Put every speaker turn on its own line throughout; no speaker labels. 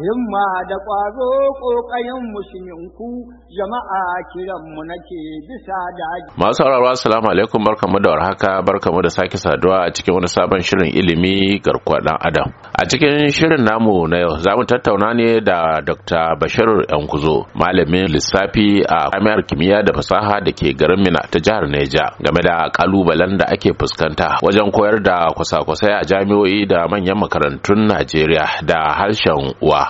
himma da ƙwazo ƙoƙayen musulminku jama'a kiranmu nake bisa daji. Masu sauraro assalamu alaikum barkamu da warhaka barkamu da sake saduwa a cikin wani sabon shirin ilimi garkuwa ɗan adam. A cikin shirin namu na yau za mu tattauna ne da Dr. Bashir Yankuzo malamin lissafi a jami'ar kimiyya da fasaha da ke garin Mina ta jihar Neja game da ƙalubalen da ake fuskanta wajen koyar da kwasa-kwasai a jami'o'i da manyan makarantun Najeriya da harshen uwa.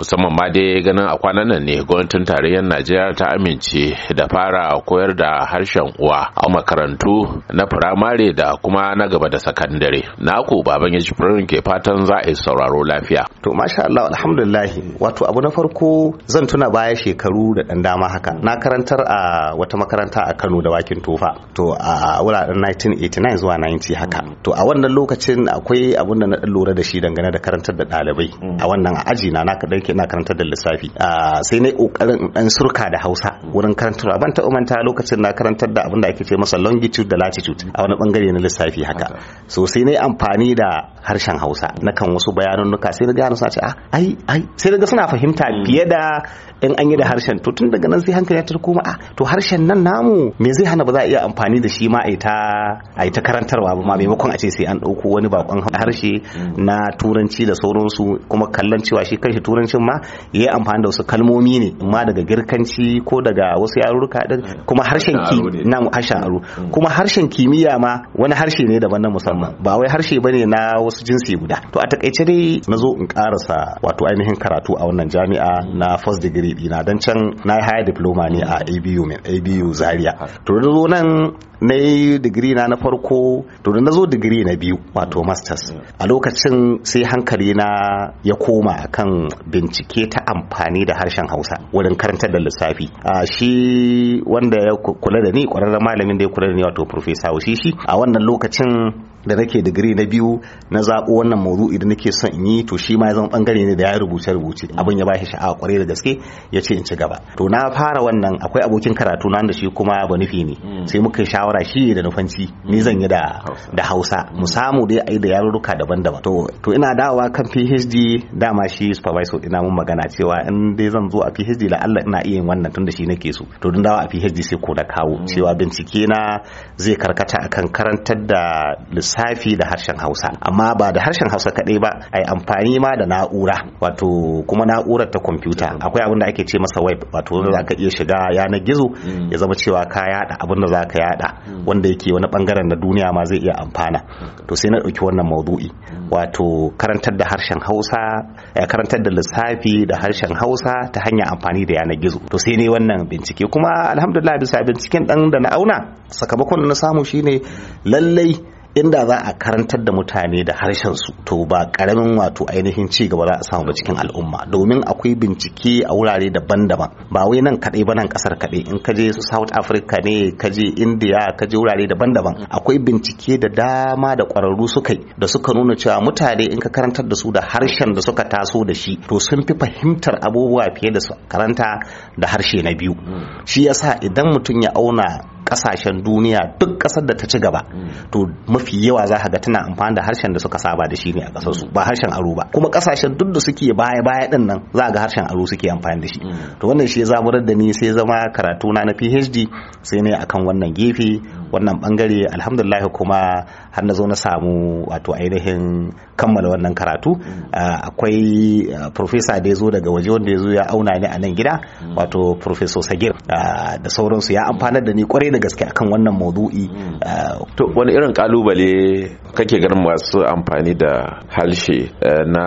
musamman ma dai ganin a kwanan nan ne gwamnatin tarayyar najeriya ta amince da fara koyar da harshen uwa a makarantu na firamare da kuma na gaba da sakandare Na ku baban ya ke fatan za a yi sauraro lafiya
to masha Allah alhamdulillah wato abu na farko zan tuna baya shekaru da dan dama haka na karantar a wata makaranta a Kano da wakin tofa to a wuraren 1989 zuwa 90 haka to a wannan lokacin akwai abun da na lura da shi dangane da karantar da ɗalibai a wannan aji na na kadai lokacin ina karanta da lissafi ah, sai na kokarin dan surka da Hausa wurin karanta ban ta umanta lokacin na karantar da abin da ake ce masa longitude da latitude a wani bangare na lissafi haka so sai na amfani da harshen Hausa na kan wasu bayanannuka sai na gano suna ce ah, ai ai sai daga suna fahimta hmm. fiye da in an yi da harshen to tun daga nan sai hankali ya tarko ma ah, to harshen nan namu me zai hana ba za a iya amfani da shi ma a ta karantarwa ba ma maimakon a ce sai an ɗauko wani bakon harshe hmm. na turanci da sauransu kuma kallon cewa shi kanshi turancin mutum ma ya yi amfani da wasu kalmomi ne ma daga girkanci ko daga wasu yarurruka eh, kuma harshen ki na harshen aro hmm. kuma harshen kimiyya ma wani harshe ne daban na musamman hmm. ba wai harshe bane na wasu jinsi guda to a takaice dai na zo in karasa wato ainihin karatu a wannan jami'a na first degree dina dan can na yi higher diploma ne a ABU min ABU Zaria hmm. to da zo nan na yi digiri na na farko to da na zo digiri na biyu wato masters a lokacin sai hankali na ya koma kan bincike ta amfani da harshen hausa wurin karantar da lissafi a shi wanda ya kula da ni kwararren malamin da ya kula da ni wato profesa shi a wannan lokacin da nake digiri na biyu na zaɓo wannan maudu'i da nake son in yi to shi ma ya zama bangare ne da ya rubuce rubuce abin ya bashi sha'awa ƙwarai da gaske ya ce in ci gaba to na fara wannan akwai abokin karatu na da shi kuma ba nufi ne hmm. sai muka shawara shi da nufanci ni zan yi da da Hausa mu samu dai yi da yarurruka daban-daban to ina dawowa kan PhD dama shi supervisor ina mun magana cewa in dai zan zo a PhD la Allah ina iya yin wannan tun da shi nake so to dun dawo a PhD sai ko da kawo hmm. cewa bincike na zai karkata akan karantar da lissafi da harshen hausa amma ba da harshen hausa kaɗai ba a yi amfani ma da na'ura wato kuma na'urar ta kwamfuta akwai abin da ake ce masa web wato wanda za ka iya shiga yanar gizo ya zama cewa ka yada abin da za ka yada wanda yake wani bangaren na duniya ma zai iya amfana to sai na ɗauki wannan maudu'i wato karantar da harshen hausa eh, karantar da lissafi da harshen hausa ta hanyar amfani da yanar gizo to sai ne wannan bincike kuma alhamdulillah bisa binciken ɗan da na auna sakamakon da na samu shine lallai inda za a karantar da mutane da harshen su to ba karamin wato ainihin ci gaba za a samu ba cikin al'umma domin akwai bincike a wurare daban-daban ba wai nan kadai ba nan kasar kadai in ka je South Africa ne ka je India ka je wurare daban-daban akwai bincike da dama da kwararru suka yi da suka nuna cewa mutane in ka karantar da su da harshen da suka taso da shi to sun fi fahimtar abubuwa fiye da su karanta da harshe na biyu hmm. shi yasa idan mutum ya auna kasashen duniya duk kasar da ta ci gaba to mafi yawa za ka ga tana amfani da harshen da suka saba da shi ne a kasar su ba harshen aro ba kuma kasashen duk da suke baya baya din nan za ga harshen aro suke amfani da shi to wannan shi ya zaburar da ni sai zama karatu na na PhD sai ne akan wannan gefe wannan bangare alhamdulillah kuma har na zo na samu wato ainihin kammala wannan karatu ah, akwai ah, profesa da ya zo daga waje wanda ya zo ya auna ni a nan gida wato professor Sagir ah, da sauransu ya amfanar da ni kwarai da gaske akan wannan maudu'i hmm.
to wani irin kalubale kake ganin masu amfani da harshe eh, na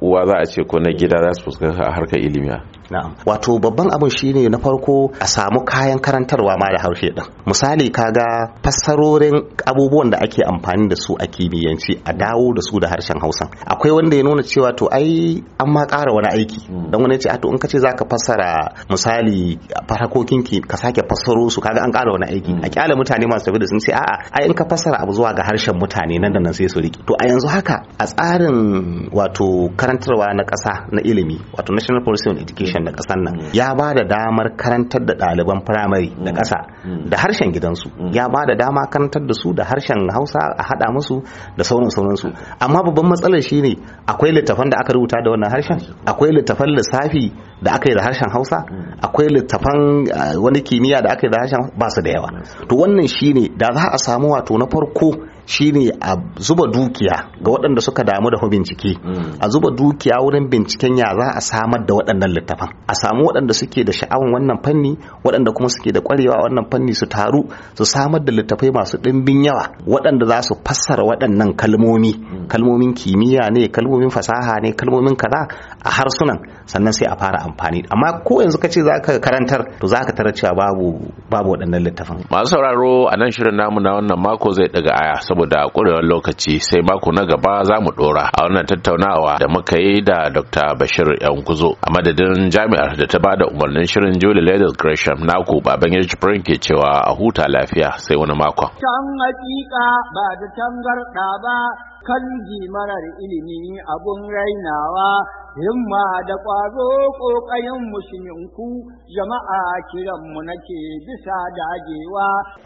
uwa za a ce ko na gida za su fuskanta a harkar ilimi
na'am wato babban abin shine na farko a samu kayan karantarwa ma da harshe din misali kaga fassarorin abubuwan da ake amfani da su a kimiyyanci a dawo da su da harshen Hausa akwai wanda ya nuna cewa to ai an ma ƙara wani aiki hmm. dan wani ce a to in ka ce zaka fassara misali farakokin ki ka sake fassaro su kaga an ƙara wani aiki hmm. a kyale mutane masu tafi da sun ce a'a ai in ka fassara abu zuwa ga harshen mutane nan da nan sai su riƙe to a yanzu haka a tsarin wato karantarwa na ƙasa na ilimi wato National Policy on Education na kasan nan ya ba da damar karantar da ɗaliban firamare da ƙasa da harshen gidansu ya ba da dama karantar da su da harshen hausa a haɗa musu da sauran sauransu amma babban matsalar shine akwai littafan da aka rubuta da wannan harshen akwai littafan lissafi da aka yi da harshen hausa akwai littafan eh, wani kimiyya da aka yi da harshen ba su da yawa to wannan shine da za a samu wato na farko shine a zuba dukiya ga waɗanda suka damu da bincike a zuba dukiya wurin binciken ya za a samar da waɗannan littafan a samu waɗanda suke da sha'awan wannan fanni waɗanda kuma suke da ƙwarewa wannan fanni su taru su samar da littafai masu ɗimbin yawa waɗanda za su fassara waɗannan kalmomi kalmomin kimiyya ne kalmomin fasaha ne kalmomin kaza a harsunan sannan sai a fara amfani amma ko yanzu ka ce za ka karantar to za ka tara cewa babu babu waɗannan littafan
masu sauraro a nan shirin namu na wannan mako zai ɗaga aya saboda ƙurewar lokaci sai mako na gaba za mu ɗora a wannan tattaunawa da muka yi da Dr. Bashir Yankuzo a madadin jami'ar da ta bada umarnin shirin Julie Ladies Gresham naku baban ya ke cewa a huta lafiya sai wani mako. Can hakika ba da tangarɗa ba kan marar ilimi abun rainawa himma da kwazo ƙoƙarin musulunku jama'a kiranmu nake bisa dagewa.